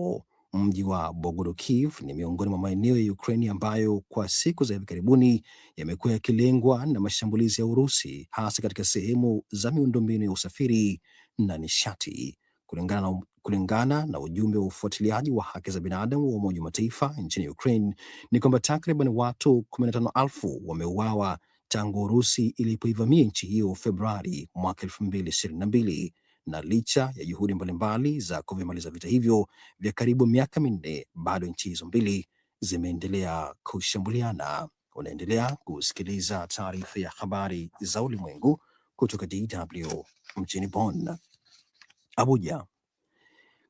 ambapo mji wa Bogodokiv ni miongoni mwa maeneo ya Ukraini ambayo kwa siku za hivi karibuni yamekuwa yakilengwa na mashambulizi ya Urusi, hasa katika sehemu za miundombinu ya usafiri na nishati. Kulingana na, kulingana na ujumbe wa ufuatiliaji wa haki za binadamu wa Umoja wa Mataifa nchini Ukraine ni kwamba takriban watu 15,000 wameuawa tangu Urusi ilipoivamia nchi hiyo Februari mwaka 2022 na licha ya juhudi mbalimbali za kuvimaliza vita hivyo vya karibu miaka minne, bado nchi hizo mbili zimeendelea kushambuliana. Unaendelea kusikiliza taarifa ya habari za ulimwengu kutoka DW mjini Bonn. Abuja.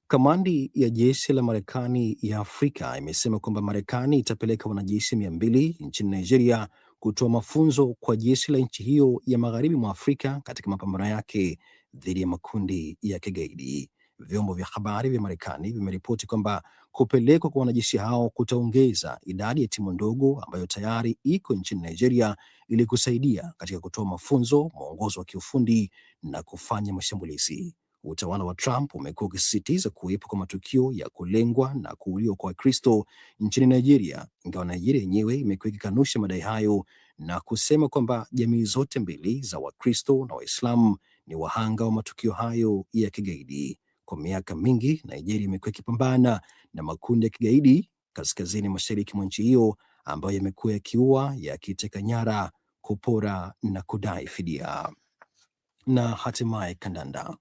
Kamandi ya jeshi la Marekani ya Afrika imesema kwamba Marekani itapeleka wanajeshi mia mbili nchini Nigeria kutoa mafunzo kwa jeshi la nchi hiyo ya magharibi mwa Afrika katika mapambano yake dhidi ya makundi ya kigaidi. Vyombo vya habari vya Marekani vimeripoti kwamba kupelekwa kwa wanajeshi hao kutaongeza idadi ya timu ndogo ambayo tayari iko nchini Nigeria ili kusaidia katika kutoa mafunzo, mwongozo wa kiufundi na kufanya mashambulizi. Utawala wa Trump umekuwa ukisisitiza kuwepo kwa matukio ya kulengwa na kuuliwa kwa Wakristo nchini Nigeria, ingawa Nigeria yenyewe imekuwa ikikanusha madai hayo na kusema kwamba jamii zote mbili za Wakristo na Waislamu ni wahanga wa matukio hayo ya kigaidi. Kwa miaka mingi, Nigeria imekuwa ikipambana na makundi ya kigaidi kaskazini mashariki mwa nchi hiyo ambayo yamekuwa yakiua, yakiteka nyara, kupora na kudai fidia. Na hatimaye kandanda.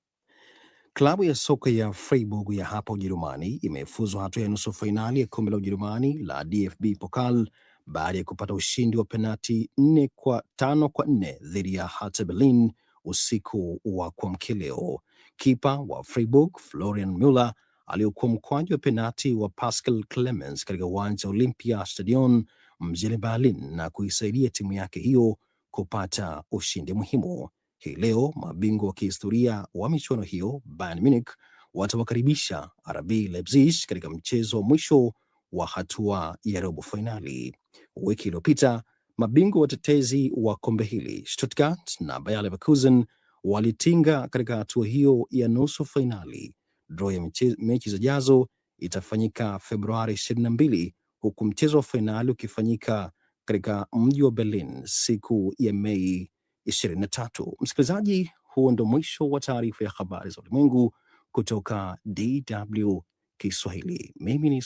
Klabu ya soka ya Freiburg ya hapa Ujerumani imefuzwa hatua ya nusu fainali ya kombe la Ujerumani la DFB Pokal baada ya kupata ushindi wa penati nne kwa tano kwa nne dhidi ya Hertha Berlin usiku wa kuamkia leo. Kipa wa Freiburg Florian Muller aliokuwa mkwaji wa penati wa Pascal Clemens katika uwanja wa Olympia Stadion mjini Berlin na kuisaidia timu yake hiyo kupata ushindi muhimu. Hii leo mabingwa wa kihistoria wa michuano hiyo Bayern Munich watawakaribisha RB Leipzig katika mchezo wa mwisho wa hatua ya robo fainali. Wiki iliyopita Mabingwa watetezi wa kombe hili Stuttgart na Bayer Leverkusen walitinga katika hatua hiyo ya nusu fainali. Dro ya mechi zijazo itafanyika Februari 22 huku mchezo wa fainali ukifanyika katika mji wa Berlin siku ya Mei 23. Msikilizaji, huo ndo mwisho wa taarifa ya habari za ulimwengu kutoka DW Kiswahili. Mimi ni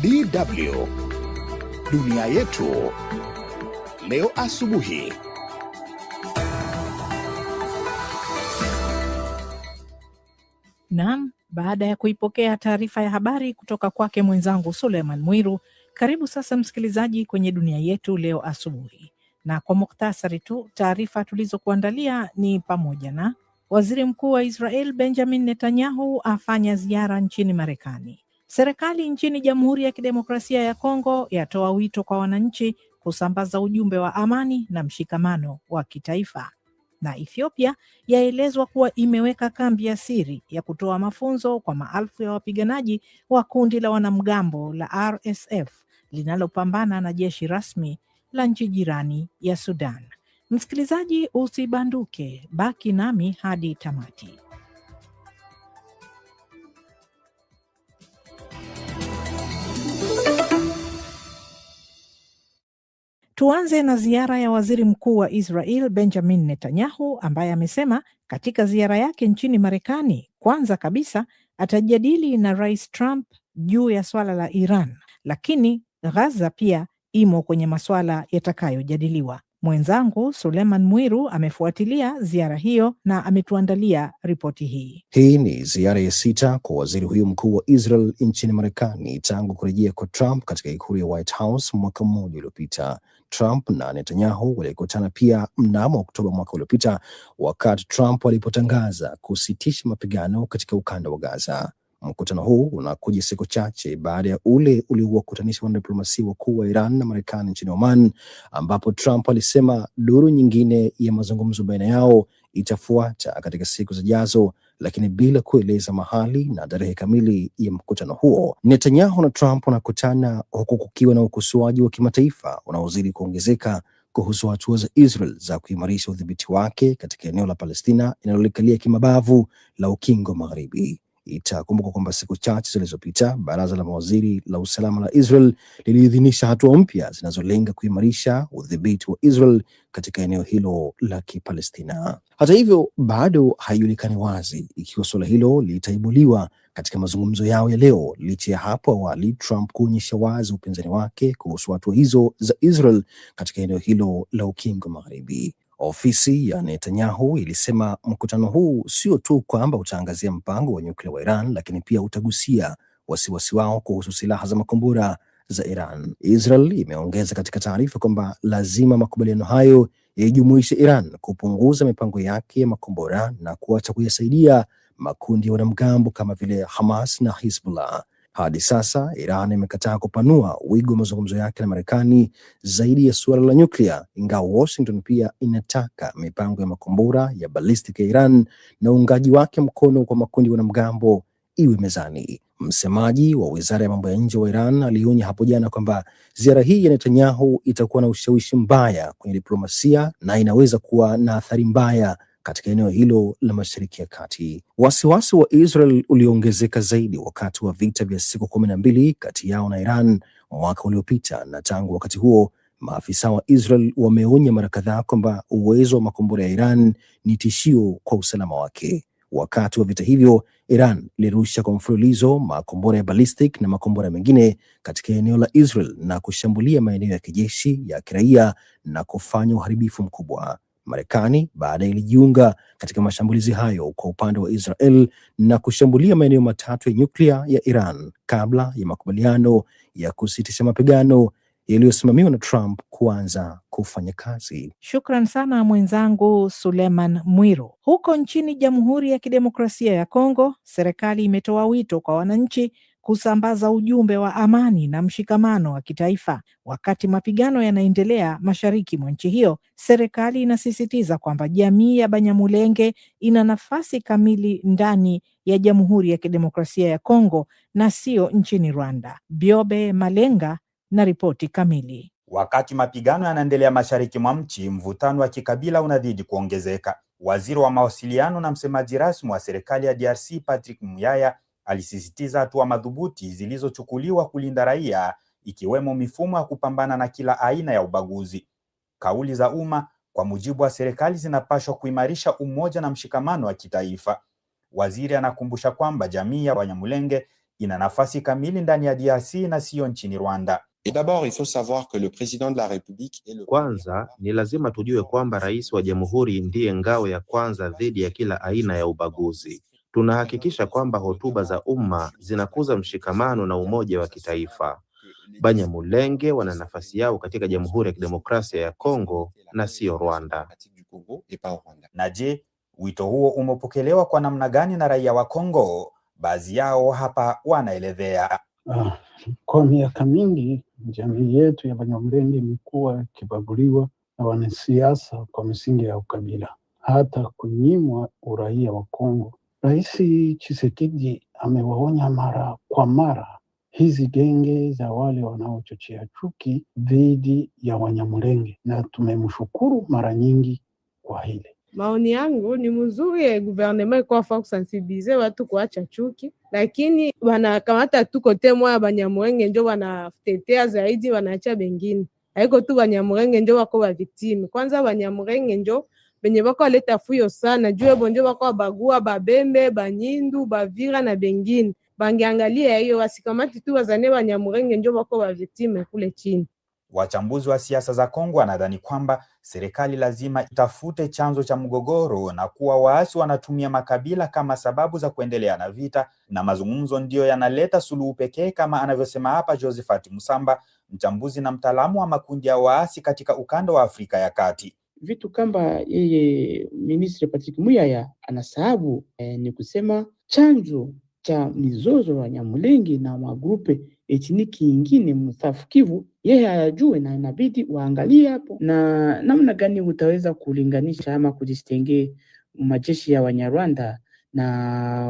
DW dunia yetu leo asubuhi. Naam, baada ya kuipokea taarifa ya habari kutoka kwake mwenzangu Suleiman Mwiru, karibu sasa msikilizaji kwenye dunia yetu leo asubuhi. Na kwa muktasari tu taarifa tulizokuandalia ni pamoja na waziri mkuu wa Israel Benjamin Netanyahu afanya ziara nchini Marekani, Serikali nchini Jamhuri ya Kidemokrasia ya Kongo yatoa wito kwa wananchi kusambaza ujumbe wa amani na mshikamano wa kitaifa. Na Ethiopia yaelezwa kuwa imeweka kambi ya siri ya kutoa mafunzo kwa maelfu ya wapiganaji wa kundi la wanamgambo la RSF linalopambana na jeshi rasmi la nchi jirani ya Sudan. Msikilizaji, usibanduke, baki nami hadi tamati. Tuanze na ziara ya waziri mkuu wa Israel Benjamin Netanyahu, ambaye amesema katika ziara yake nchini Marekani, kwanza kabisa atajadili na Rais Trump juu ya swala la Iran, lakini Gaza pia imo kwenye masuala yatakayojadiliwa. Mwenzangu Suleiman Mwiru amefuatilia ziara hiyo na ametuandalia ripoti hii. Hii ni ziara ya sita kwa waziri huyu mkuu wa Israel nchini Marekani tangu kurejea kwa Trump katika ikulu ya White House mwaka mmoja uliopita. Trump na Netanyahu walikutana pia mnamo Oktoba mwaka uliopita, wakati Trump alipotangaza kusitisha mapigano katika ukanda wa Gaza. Mkutano huu unakuja siku chache baada ya ule uliowakutanisha wanadiplomasia wakuu wa Iran na Marekani nchini Oman, ambapo Trump alisema duru nyingine ya mazungumzo baina yao itafuata katika siku zijazo, lakini bila kueleza mahali na tarehe kamili ya mkutano huo. Netanyahu na Trump wanakutana huku kukiwa na ukosoaji wa kimataifa unaozidi kuongezeka kuhusu hatua za Israel za kuimarisha udhibiti wake katika eneo la Palestina inalolikalia kimabavu la Ukingo Magharibi. Itakumbuka kwamba siku chache zilizopita baraza la mawaziri la usalama la Israel liliidhinisha hatua mpya zinazolenga kuimarisha udhibiti wa Israel katika eneo hilo la Kipalestina. Hata hivyo, bado haijulikani wazi ikiwa suala hilo litaibuliwa katika mazungumzo yao ya leo, licha ya hapo awali Trump kuonyesha wazi upinzani wake kuhusu hatua hizo za Israel katika eneo hilo la Ukingo Magharibi. Ofisi ya Netanyahu ilisema mkutano huu sio tu kwamba utaangazia mpango wa nyuklia wa Iran, lakini pia utagusia wasiwasi wao kuhusu silaha za makombora za Iran. Israel imeongeza katika taarifa kwamba lazima makubaliano hayo yaijumuishe Iran kupunguza mipango yake ya makombora na kuacha kuyasaidia makundi ya wanamgambo kama vile Hamas na Hizbullah. Hadi sasa Iran imekataa kupanua wigo wa mazungumzo yake na Marekani zaidi ya suala la nyuklia, ingawa Washington pia inataka mipango ya makombora ya balistik ya Iran na uungaji wake mkono kwa makundi wanamgambo iwe mezani. Msemaji wa wizara ya mambo ya nje wa Iran alionya hapo jana kwamba ziara hii ya Netanyahu itakuwa na ushawishi mbaya kwenye diplomasia na inaweza kuwa na athari mbaya katika eneo hilo la Mashariki ya Kati. Wasiwasi wa Israel uliongezeka zaidi wakati wa vita vya siku kumi na mbili kati yao na Iran mwaka uliopita, na tangu wakati huo maafisa wa Israel wameonya mara kadhaa kwamba uwezo wa makombora ya Iran ni tishio kwa usalama wake. Wakati wa vita hivyo, Iran ilirusha kwa mfululizo makombora ya ballistic na makombora mengine katika eneo la Israel na kushambulia maeneo ya kijeshi ya kiraia na kufanya uharibifu mkubwa. Marekani baadaye ilijiunga katika mashambulizi hayo kwa upande wa Israel na kushambulia maeneo matatu ya nyuklia ya Iran kabla ya makubaliano ya kusitisha mapigano yaliyosimamiwa na Trump kuanza kufanya kazi. Shukran sana mwenzangu Suleiman Mwiro. Huko nchini Jamhuri ya Kidemokrasia ya Kongo, serikali imetoa wito kwa wananchi kusambaza ujumbe wa amani na mshikamano wa kitaifa. Wakati mapigano yanaendelea mashariki mwa nchi hiyo, serikali inasisitiza kwamba jamii ya Banyamulenge ina nafasi kamili ndani ya Jamhuri ya Kidemokrasia ya Kongo na sio nchini Rwanda. Biobe Malenga na ripoti kamili. Wakati mapigano yanaendelea mashariki mwa nchi, mvutano wa kikabila unazidi kuongezeka. Waziri wa mawasiliano na msemaji rasmi wa serikali ya DRC Patrick Muyaya Alisisitiza hatua madhubuti zilizochukuliwa kulinda raia, ikiwemo mifumo ya kupambana na kila aina ya ubaguzi. Kauli za umma, kwa mujibu wa serikali, zinapaswa kuimarisha umoja na mshikamano wa kitaifa. Waziri anakumbusha kwamba jamii ya Wanyamulenge ina nafasi kamili ndani ya DRC na siyo nchini Rwanda. Kwanza ni lazima tujue kwamba rais wa jamhuri ndiye ngao ya kwanza dhidi ya kila aina ya ubaguzi tunahakikisha kwamba hotuba za umma zinakuza mshikamano na umoja wa kitaifa. Banyamulenge wana nafasi yao katika Jamhuri ya Kidemokrasia ya Kongo na sio Rwanda. Na je, wito huo umepokelewa kwa namna gani na raia wa Kongo? Baadhi yao hapa wanaelezea. Ah, kwa miaka mingi jamii yetu ya Banyamulenge imekuwa ikibaguliwa na wanasiasa kwa misingi ya ukabila, hata kunyimwa uraia wa Kongo Rais Chisekedi amewaonya mara kwa mara hizi genge za wale wanaochochea chuki dhidi ya Wanyamulenge, na tumemshukuru mara nyingi kwa hili. Maoni yangu ni mzuri, guvernema ikuafaa kusensibilize watu kuacha chuki, lakini wanakamata tu kote moya Banyamulenge njo wanatetea zaidi, wanaacha bengine. Haiko tu Banyamulenge njo wako wa victime, kwanza Banyamulenge njo benye bako aleta fuyo sana juu bonjo bako abagua babembe banyindu bavira na bengine bangeangalia hiyo, wasikamati tu wazane Banyamurenge njo bako baviktime kule chini. Wachambuzi wa siasa za Kongo wanadhani kwamba serikali lazima itafute chanzo cha mgogoro na kuwa waasi wanatumia makabila kama sababu za kuendelea na vita, na mazungumzo ndiyo yanaleta suluhu pekee, kama anavyosema hapa Josephat Musamba, mchambuzi na mtaalamu wa makundi ya waasi katika ukanda wa Afrika ya Kati vitu kamba yeye ministre Patrick Muyaya anasahabu eh, ni kusema chanjo cha mizozo wa Nyamulenge na magrupe etniki ingine mstaafu Kivu, yeye hayajue na inabidi waangalie hapo na namna gani utaweza kulinganisha ama kujistengee majeshi ya Wanyarwanda na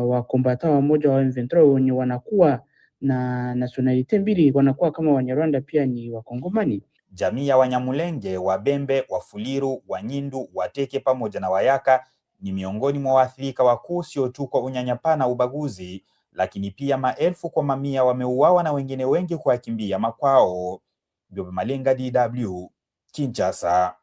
wakombata wamoja wa M23 wenye wanakuwa na nationality mbili, wanakuwa kama Wanyarwanda pia ni Wakongomani. Jamii ya Wanyamulenge, Wabembe, Wafuliru, Wanyindu, Wateke pamoja na Wayaka ni miongoni mwa waathirika wakuu sio tu kwa unyanyapaa na ubaguzi, lakini pia maelfu kwa mamia wameuawa na wengine wengi kuwakimbia makwao. Jobe Malenga, DW, Kinshasa.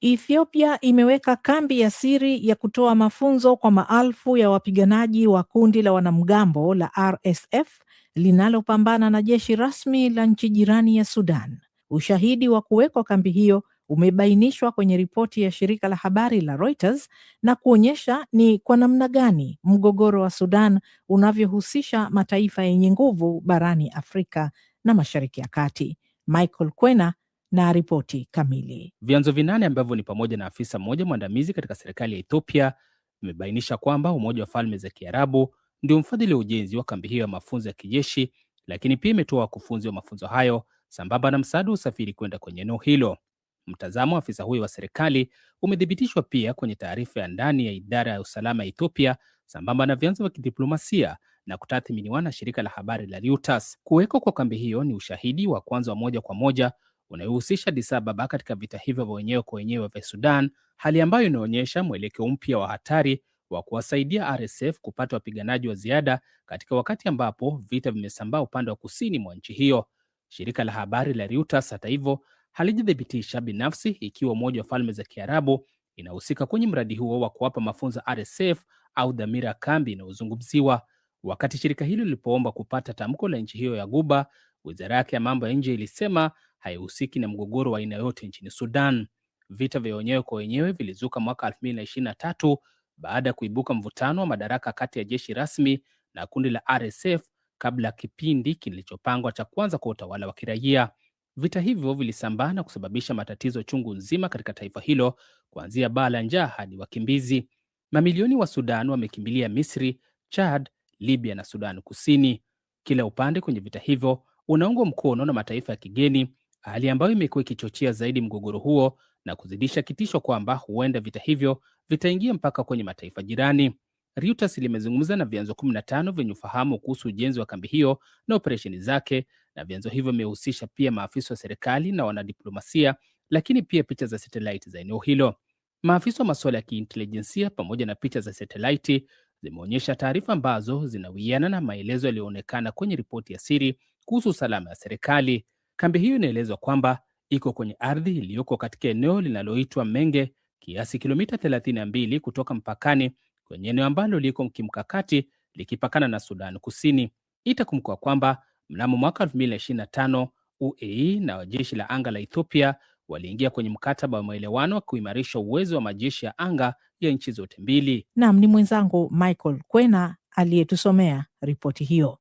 Ethiopia imeweka kambi ya siri ya kutoa mafunzo kwa maelfu ya wapiganaji wa kundi la wanamgambo la RSF linalopambana na jeshi rasmi la nchi jirani ya Sudan. Ushahidi wa kuwekwa kambi hiyo umebainishwa kwenye ripoti ya shirika la habari la Reuters na kuonyesha ni kwa namna gani mgogoro wa Sudan unavyohusisha mataifa yenye nguvu barani Afrika na Mashariki ya Kati. Michael Kwena na ripoti kamili. Vyanzo vinane ambavyo ni pamoja na afisa mmoja mwandamizi katika serikali ya Ethiopia vimebainisha kwamba Umoja wa Falme za Kiarabu ndio mfadhili wa ujenzi wa kambi hiyo ya mafunzo ya kijeshi, lakini pia imetoa wakufunzi wa mafunzo hayo sambamba na msaada wa usafiri kwenda kwenye eneo hilo. Mtazamo wa afisa huyo wa serikali umethibitishwa pia kwenye taarifa ya ndani ya idara ya usalama ya Ethiopia sambamba na vyanzo vya kidiplomasia na kutathminiwa na shirika la habari la Reuters. Kuwekwa kwa kambi hiyo ni ushahidi wa kwanza wa moja kwa moja unayohusisha Addis Ababa katika vita hivyo vya wenyewe kwa wenyewe vya Sudan, hali ambayo inaonyesha mwelekeo mpya wa hatari wa kuwasaidia RSF kupata wapiganaji wa ziada katika wakati ambapo vita vimesambaa upande wa kusini mwa nchi hiyo. Shirika la habari la Reuters, hata hivyo, halijathibitisha binafsi ikiwa Umoja wa Falme za Kiarabu inahusika kwenye mradi huo wa kuwapa mafunzo RSF au dhamira kambi inayozungumziwa. Wakati shirika hilo lilipoomba kupata tamko la nchi hiyo ya Guba, wizara yake ya mambo ya nje ilisema haihusiki na mgogoro wa aina yote nchini Sudan. Vita vya wenyewe kwa wenyewe vilizuka mwaka 2023 baada ya kuibuka mvutano wa madaraka kati ya jeshi rasmi na kundi la RSF kabla ya kipindi kilichopangwa cha kwanza kwa utawala wa kiraia. Vita hivyo vilisambaa na kusababisha matatizo chungu nzima katika taifa hilo, kuanzia baa la njaa hadi wakimbizi. Mamilioni wa Sudan wamekimbilia Misri, Chad, Libya na Sudan Kusini. Kila upande kwenye vita hivyo unaungwa mkono na mataifa ya kigeni, hali ambayo imekuwa ikichochea zaidi mgogoro huo na kuzidisha kitisho kwamba huenda vita hivyo vitaingia mpaka kwenye mataifa jirani. Reuters limezungumza na vyanzo 15 vyenye ufahamu kuhusu ujenzi wa kambi hiyo na operesheni zake, na vyanzo hivyo vimehusisha pia maafisa wa serikali na wanadiplomasia, lakini pia picha za satelaiti za eneo hilo. Maafisa wa masuala ya kiintelijensia pamoja na picha za satelaiti zimeonyesha taarifa ambazo zinawiana na maelezo yaliyoonekana kwenye ripoti ya siri kuhusu usalama ya serikali. Kambi hiyo inaelezwa kwamba iko kwenye ardhi iliyoko katika eneo linaloitwa Menge, kiasi kilomita 32 kutoka mpakani kwenye eneo ambalo liko kimkakati likipakana na Sudan Kusini. Itakumbukwa kwamba mnamo mwaka 2025 UAE na jeshi la anga la Ethiopia waliingia kwenye mkataba wa maelewano wa kuimarisha uwezo wa majeshi ya anga ya nchi zote mbili. Naam, ni mwenzangu Michael Kwena aliyetusomea ripoti hiyo.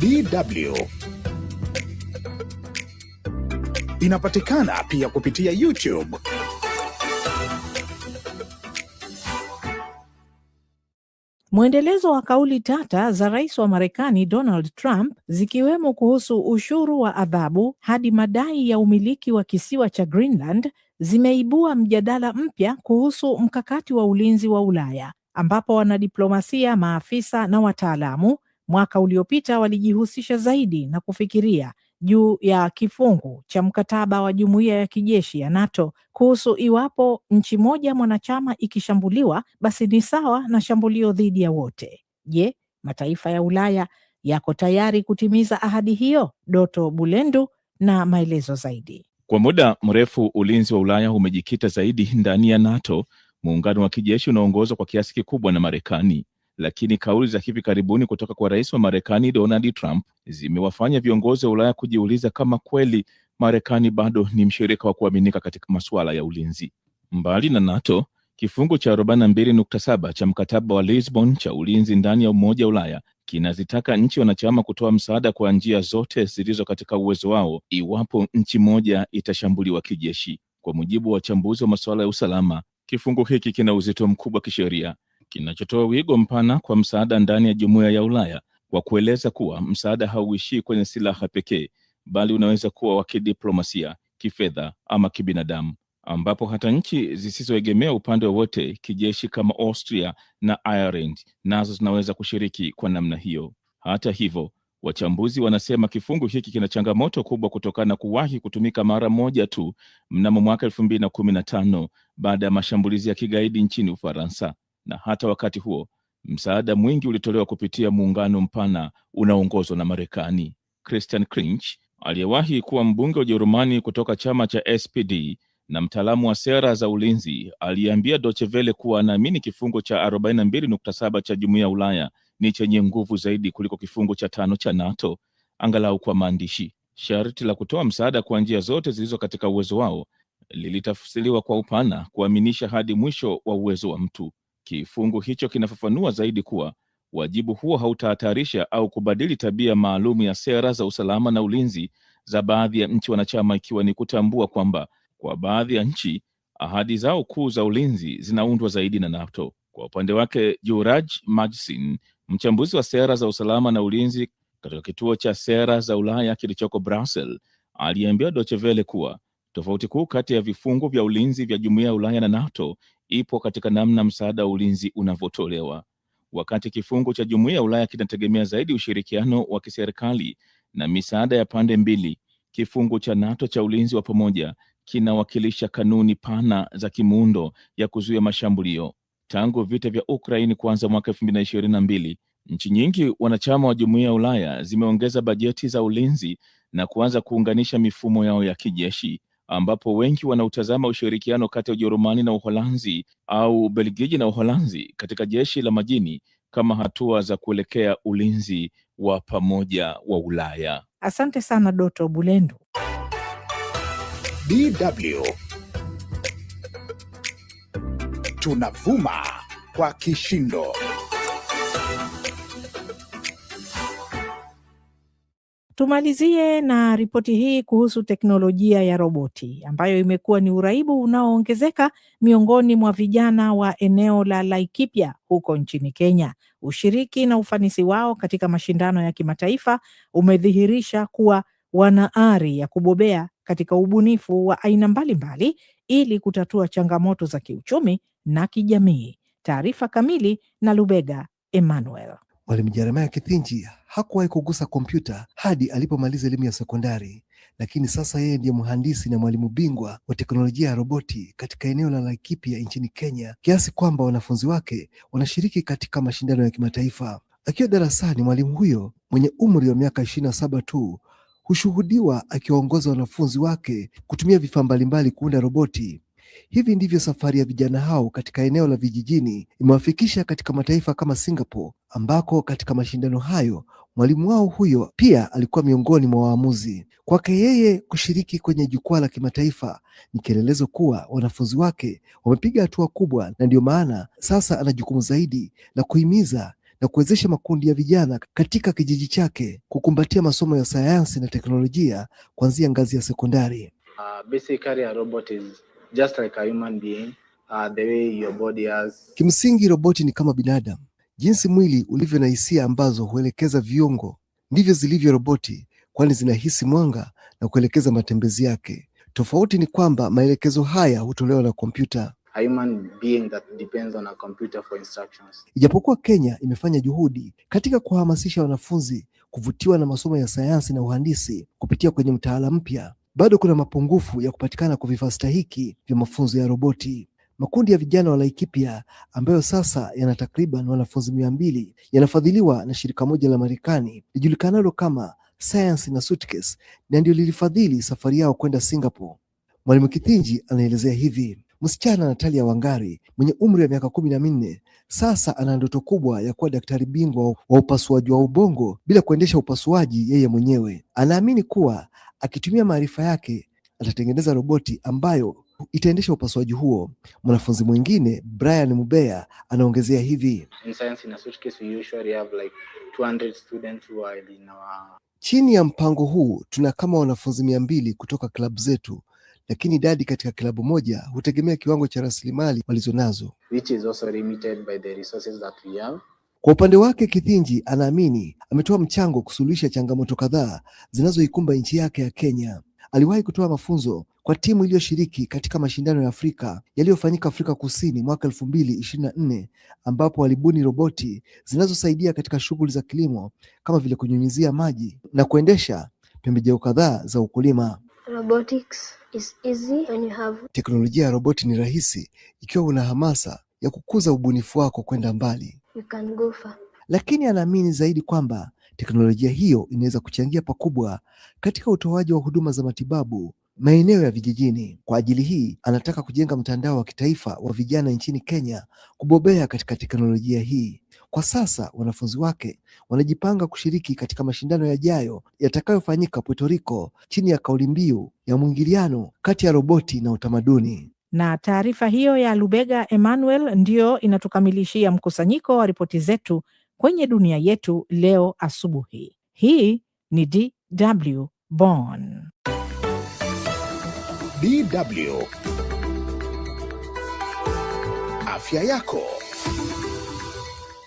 DW inapatikana pia kupitia YouTube. Mwendelezo wa kauli tata za rais wa Marekani Donald Trump zikiwemo kuhusu ushuru wa adhabu hadi madai ya umiliki wa kisiwa cha Greenland zimeibua mjadala mpya kuhusu mkakati wa ulinzi wa Ulaya ambapo wanadiplomasia, maafisa na wataalamu mwaka uliopita walijihusisha zaidi na kufikiria juu ya kifungu cha mkataba wa jumuiya ya kijeshi ya NATO kuhusu iwapo nchi moja mwanachama ikishambuliwa basi ni sawa na shambulio dhidi ya wote. Je, mataifa ya Ulaya yako tayari kutimiza ahadi hiyo? Doto Bulendu na maelezo zaidi. Kwa muda mrefu ulinzi wa Ulaya umejikita zaidi ndani ya NATO, muungano wa kijeshi unaongozwa kwa kiasi kikubwa na Marekani lakini kauli za hivi karibuni kutoka kwa rais wa Marekani Donald Trump zimewafanya viongozi wa Ulaya kujiuliza kama kweli Marekani bado ni mshirika wa kuaminika katika masuala ya ulinzi. Mbali na NATO, kifungu cha 42.7 cha mkataba wa Lisbon cha ulinzi ndani ya Umoja wa Ulaya kinazitaka nchi wanachama kutoa msaada kwa njia zote zilizo katika uwezo wao iwapo nchi moja itashambuliwa kijeshi. Kwa mujibu wa wachambuzi wa masuala ya usalama, kifungu hiki kina uzito mkubwa kisheria kinachotoa wigo mpana kwa msaada ndani ya jumuiya ya Ulaya kwa kueleza kuwa msaada hauishii kwenye silaha pekee, bali unaweza kuwa wa kidiplomasia, kifedha ama kibinadamu, ambapo hata nchi zisizoegemea upande wowote kijeshi kama Austria na Ireland nazo zinaweza kushiriki kwa namna hiyo. Hata hivyo, wachambuzi wanasema kifungu hiki kina changamoto kubwa kutokana na kuwahi kutumika mara moja tu mnamo mwaka elfu mbili na kumi na tano baada ya mashambulizi ya kigaidi nchini Ufaransa na hata wakati huo msaada mwingi ulitolewa kupitia muungano mpana unaoongozwa na Marekani. Christian Krinch aliyewahi kuwa mbunge wa Ujerumani kutoka chama cha SPD na mtaalamu wa sera za ulinzi aliambia Deutsche Welle kuwa anaamini kifungu cha 42.7 cha Jumuiya ya Ulaya ni chenye nguvu zaidi kuliko kifungu cha tano cha NATO, angalau kwa maandishi. Sharti la kutoa msaada kwa njia zote zilizo katika uwezo wao lilitafsiriwa kwa upana, kuaminisha hadi mwisho wa uwezo wa mtu. Kifungu hicho kinafafanua zaidi kuwa wajibu huo hautahatarisha au kubadili tabia maalum ya sera za usalama na ulinzi za baadhi ya nchi wanachama, ikiwa ni kutambua kwamba kwa baadhi ya nchi ahadi zao kuu za ulinzi zinaundwa zaidi na NATO. Kwa upande wake, Juraj Majsin, mchambuzi wa sera za usalama na ulinzi katika kituo cha sera za Ulaya kilichoko Brussels, aliambia Deutsche Welle kuwa tofauti kuu kati ya vifungu vya ulinzi vya jumuiya ya Ulaya na NATO ipo katika namna msaada wa ulinzi unavyotolewa. Wakati kifungu cha Jumuiya ya Ulaya kinategemea zaidi ushirikiano wa kiserikali na misaada ya pande mbili, kifungu cha NATO cha ulinzi wa pamoja kinawakilisha kanuni pana za kimuundo ya kuzuia mashambulio. Tangu vita vya Ukraini kuanza mwaka elfu mbili na ishirini na mbili, nchi nyingi wanachama wa Jumuiya ya Ulaya zimeongeza bajeti za ulinzi na kuanza kuunganisha mifumo yao ya kijeshi ambapo wengi wanautazama ushirikiano kati ya Ujerumani na Uholanzi au Belgiji na Uholanzi katika jeshi la majini kama hatua za kuelekea ulinzi wa pamoja wa Ulaya. Asante sana Doto Bulendo. DW tunavuma kwa kishindo. Tumalizie na ripoti hii kuhusu teknolojia ya roboti ambayo imekuwa ni uraibu unaoongezeka miongoni mwa vijana wa eneo la Laikipia huko nchini Kenya. Ushiriki na ufanisi wao katika mashindano ya kimataifa umedhihirisha kuwa wana ari ya kubobea katika ubunifu wa aina mbalimbali ili kutatua changamoto za kiuchumi na kijamii. Taarifa kamili na Lubega Emmanuel. Mwalimu Jeremiah Kithinji hakuwahi kugusa kompyuta hadi alipomaliza elimu ya sekondari, lakini sasa yeye ndiye mhandisi na mwalimu bingwa wa teknolojia ya roboti katika eneo la Laikipia nchini Kenya, kiasi kwamba wanafunzi wake wanashiriki katika mashindano ya kimataifa. Akiwa darasani, mwalimu huyo mwenye umri wa miaka ishirini na saba tu hushuhudiwa akiwaongoza wanafunzi wake kutumia vifaa mbalimbali kuunda roboti Hivi ndivyo safari ya vijana hao katika eneo la vijijini imewafikisha katika mataifa kama Singapore, ambako katika mashindano hayo mwalimu wao huyo pia alikuwa miongoni mwa waamuzi. Kwake yeye, kushiriki kwenye jukwaa la kimataifa ni kielelezo kuwa wanafunzi wake wamepiga hatua kubwa, na ndiyo maana sasa ana jukumu zaidi la kuhimiza na kuwezesha makundi ya vijana katika kijiji chake kukumbatia masomo ya sayansi na teknolojia kuanzia ngazi ya sekondari. Uh, robot is just like a human being, uh, the way your body has. Kimsingi roboti ni kama binadamu, jinsi mwili ulivyo na hisia ambazo huelekeza viungo, ndivyo zilivyo roboti, kwani zinahisi mwanga na kuelekeza matembezi yake. Tofauti ni kwamba maelekezo haya hutolewa na kompyuta. A human being that depends on a computer for instructions. Ijapokuwa Kenya imefanya juhudi katika kuhamasisha wanafunzi kuvutiwa na masomo ya sayansi na uhandisi kupitia kwenye mtaala mpya bado kuna mapungufu ya kupatikana kwa vifaa stahiki vya mafunzo ya roboti. Makundi ya vijana wa Laikipia ambayo sasa yana takriban wanafunzi mia mbili yanafadhiliwa na shirika moja la Marekani lijulikanalo kama Science na Suitcase na ndio lilifadhili safari yao kwenda Singapore. Mwalimu Kithinji anaelezea hivi: msichana Natalia Wangari mwenye umri wa miaka kumi na minne sasa ana ndoto kubwa ya kuwa daktari bingwa wa upasuaji wa ubongo bila kuendesha upasuaji yeye mwenyewe. Anaamini kuwa akitumia maarifa yake atatengeneza roboti ambayo itaendesha upasuaji huo. Mwanafunzi mwingine Brian mubea anaongezea hivi: chini ya mpango huu tuna kama wanafunzi mia mbili kutoka klabu zetu lakini idadi katika klabu moja hutegemea kiwango cha rasilimali walizonazo. Kwa upande wake Kithinji anaamini ametoa mchango kusuluhisha changamoto kadhaa zinazoikumba nchi yake ya Kenya. Aliwahi kutoa mafunzo kwa timu iliyoshiriki katika mashindano ya Afrika yaliyofanyika Afrika Kusini mwaka elfu mbili ishirini na nne ambapo walibuni roboti zinazosaidia katika shughuli za kilimo kama vile kunyunyizia maji na kuendesha pembejeo kadhaa za ukulima. Robotics is easy when you have... Teknolojia ya roboti ni rahisi ikiwa una hamasa ya kukuza ubunifu wako kwenda mbali. You can go far. Lakini anaamini zaidi kwamba teknolojia hiyo inaweza kuchangia pakubwa katika utoaji wa huduma za matibabu maeneo ya vijijini. Kwa ajili hii, anataka kujenga mtandao wa kitaifa wa vijana nchini Kenya kubobea katika teknolojia hii. Kwa sasa wanafunzi wake wanajipanga kushiriki katika mashindano yajayo yatakayofanyika Puerto Rico chini ya kauli mbiu ya mwingiliano kati ya roboti na utamaduni. Na taarifa hiyo ya Lubega Emmanuel ndiyo inatukamilishia mkusanyiko wa ripoti zetu kwenye dunia yetu leo asubuhi. Hii ni DW Bonn. DW Afya yako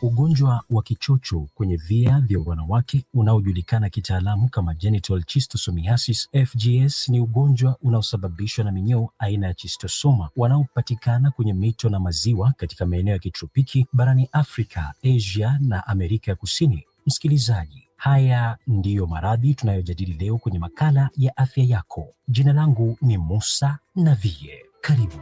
Ugonjwa wa kichocho kwenye via vya wanawake unaojulikana kitaalamu kama genital chistosomiasis FGS ni ugonjwa unaosababishwa na minyoo aina ya chistosoma wanaopatikana kwenye mito na maziwa katika maeneo ya kitropiki barani Afrika, Asia na Amerika ya Kusini. Msikilizaji, haya ndiyo maradhi tunayojadili leo kwenye makala ya afya yako. Jina langu ni Musa Navie, karibu.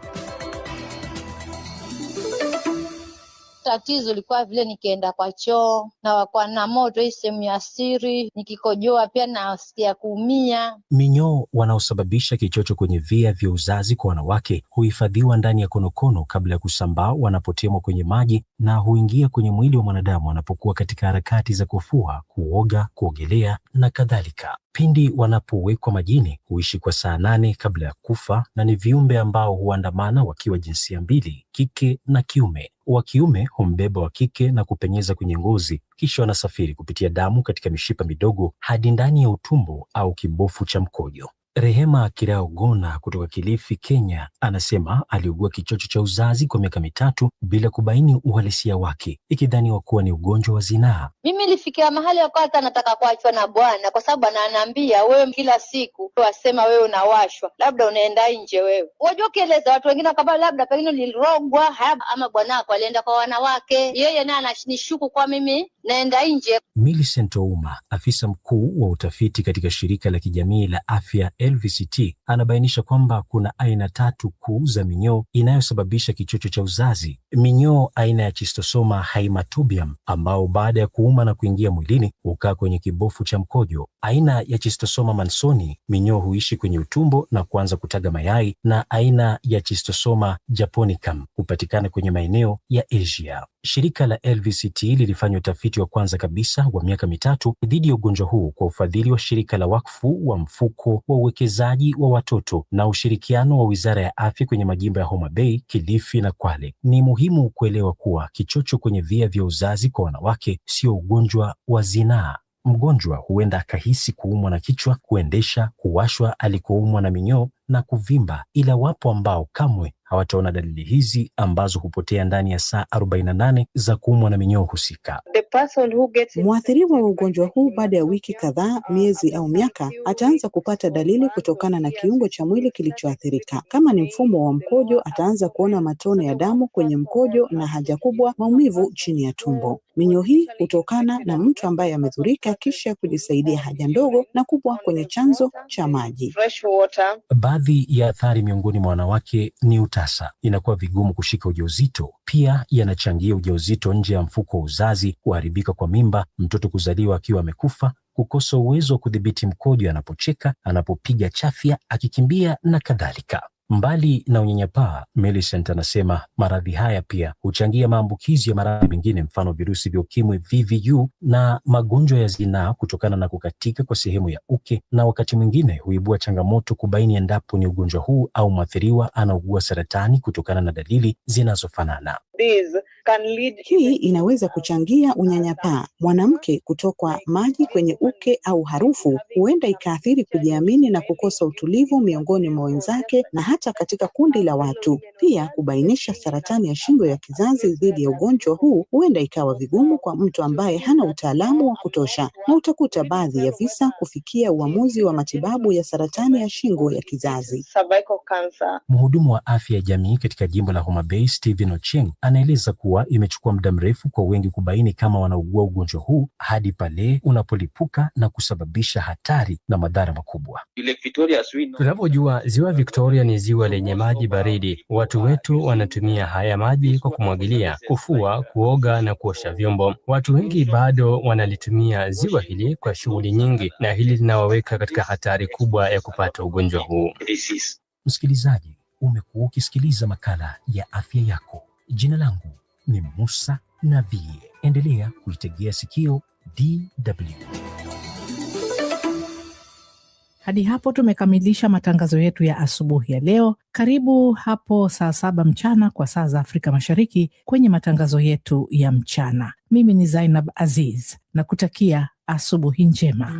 Tatizo ilikuwa vile nikienda kwa choo na wakwa na moto hii sehemu ya siri, nikikojoa pia nasikia kuumia. Minyoo wanaosababisha kichocho kwenye via vya uzazi kwa wanawake huhifadhiwa ndani ya konokono kabla ya kusambaa wanapotemwa kwenye maji na huingia kwenye mwili wa mwanadamu wanapokuwa katika harakati za kufua, kuoga, kuogelea na kadhalika. Pindi wanapowekwa majini huishi kwa saa nane kabla ya kufa na ni viumbe ambao huandamana wakiwa jinsia mbili, kike na kiume wa kiume humbeba wa kike na kupenyeza kwenye ngozi, kisha wanasafiri kupitia damu katika mishipa midogo hadi ndani ya utumbo au kibofu cha mkojo. Rehema Kiraogona kutoka Kilifi, Kenya, anasema aliugua kichocho cha uzazi kwa miaka mitatu bila kubaini uhalisia wake, ikidhaniwa kuwa ni ugonjwa wa zinaa. Mimi nilifikia mahali ya kwanza nataka kuachwa na bwana, kwa sababu ananiambia wewe, kila siku wasema wewe unawashwa, labda unaenda nje wewe. Unajua ukieleza watu wengine wakaba, labda pengine nilirogwa, ama bwanako alienda kwa wanawake, yeye naye ananishuku kwa mimi naenda nje. Millicent Ouma, afisa mkuu wa utafiti katika shirika la kijamii la afya LVCT anabainisha kwamba kuna aina tatu kuu za minyoo inayosababisha kichocho cha uzazi Minyoo aina ya chistosoma haematobium ambao baada ya kuuma na kuingia mwilini hukaa kwenye kibofu cha mkojo. Aina ya chistosoma mansoni, minyoo huishi kwenye utumbo na kuanza kutaga mayai, na aina ya chistosoma japonicum hupatikana kwenye maeneo ya Asia. Shirika la LVCT lilifanya utafiti wa kwanza kabisa wa miaka mitatu dhidi ya ugonjwa huu kwa ufadhili wa shirika la wakfu wa mfuko wa uwekezaji wa watoto na ushirikiano wa Wizara ya Afya kwenye majimbo ya Homa Bay, Kilifi na Kwale. Ni muhimu muhimu kuelewa kuwa kichocho kwenye via vya uzazi kwa wanawake sio ugonjwa wa zinaa. Mgonjwa huenda akahisi kuumwa na kichwa, kuendesha, kuwashwa alikoumwa na minyoo na kuvimba, ila wapo ambao kamwe hawataona dalili hizi ambazo hupotea ndani ya saa 48 za kuumwa na minyoo husika. Mwathiriwa wa ugonjwa huu baada ya wiki kadhaa, miezi au miaka, ataanza kupata dalili kutokana na kiungo cha mwili kilichoathirika. Kama ni mfumo wa mkojo, ataanza kuona matone ya damu kwenye mkojo na haja kubwa, maumivu chini ya tumbo. Minyoo hii hutokana na mtu ambaye amedhurika kisha kujisaidia haja ndogo na kubwa kwenye chanzo cha maji. Baadhi ya athari miongoni mwa wanawake ni uta sasa inakuwa vigumu kushika ujauzito. Pia yanachangia ujauzito nje ya mfuko wa uzazi, kuharibika kwa mimba, mtoto kuzaliwa akiwa amekufa, kukosa uwezo wa kudhibiti mkojo anapocheka, anapopiga chafya, akikimbia na kadhalika. Mbali na unyanyapaa, Millicent anasema maradhi haya pia huchangia maambukizi ya maradhi mengine, mfano virusi vya ukimwi VVU na magonjwa ya zinaa kutokana na kukatika kwa sehemu ya uke, na wakati mwingine huibua changamoto kubaini endapo ni ugonjwa huu au mwathiriwa anaugua saratani kutokana na dalili zinazofanana. Hii inaweza kuchangia unyanyapaa. Mwanamke kutokwa maji kwenye uke au harufu huenda ikaathiri kujiamini na kukosa utulivu miongoni mwa wenzake na hata katika kundi la watu. Pia kubainisha saratani ya shingo ya kizazi dhidi ya ugonjwa huu huenda ikawa vigumu kwa mtu ambaye hana utaalamu wa kutosha, na utakuta baadhi ya visa kufikia uamuzi wa matibabu ya saratani ya shingo ya kizazi. Mhudumu wa afya ya jamii katika jimbo la Homa Bay, Stephen Ocheng Anaeleza kuwa imechukua muda mrefu kwa wengi kubaini kama wanaugua ugonjwa huu hadi pale unapolipuka na kusababisha hatari na madhara makubwa. Tunavyojua, ziwa Victoria ni ziwa lenye maji baridi. Watu wetu wanatumia haya maji kwa kumwagilia, kufua, kuoga na kuosha vyombo. Watu wengi bado wanalitumia ziwa hili kwa shughuli nyingi, na hili linawaweka katika hatari kubwa ya kupata ugonjwa huu. Msikilizaji, umekuwa ukisikiliza makala ya afya yako Jina langu ni Musa Nabii. Endelea kuitegea sikio DW. Hadi hapo tumekamilisha matangazo yetu ya asubuhi ya leo. Karibu hapo saa saba mchana kwa saa za Afrika Mashariki kwenye matangazo yetu ya mchana. Mimi ni Zainab Aziz na kutakia asubuhi njema.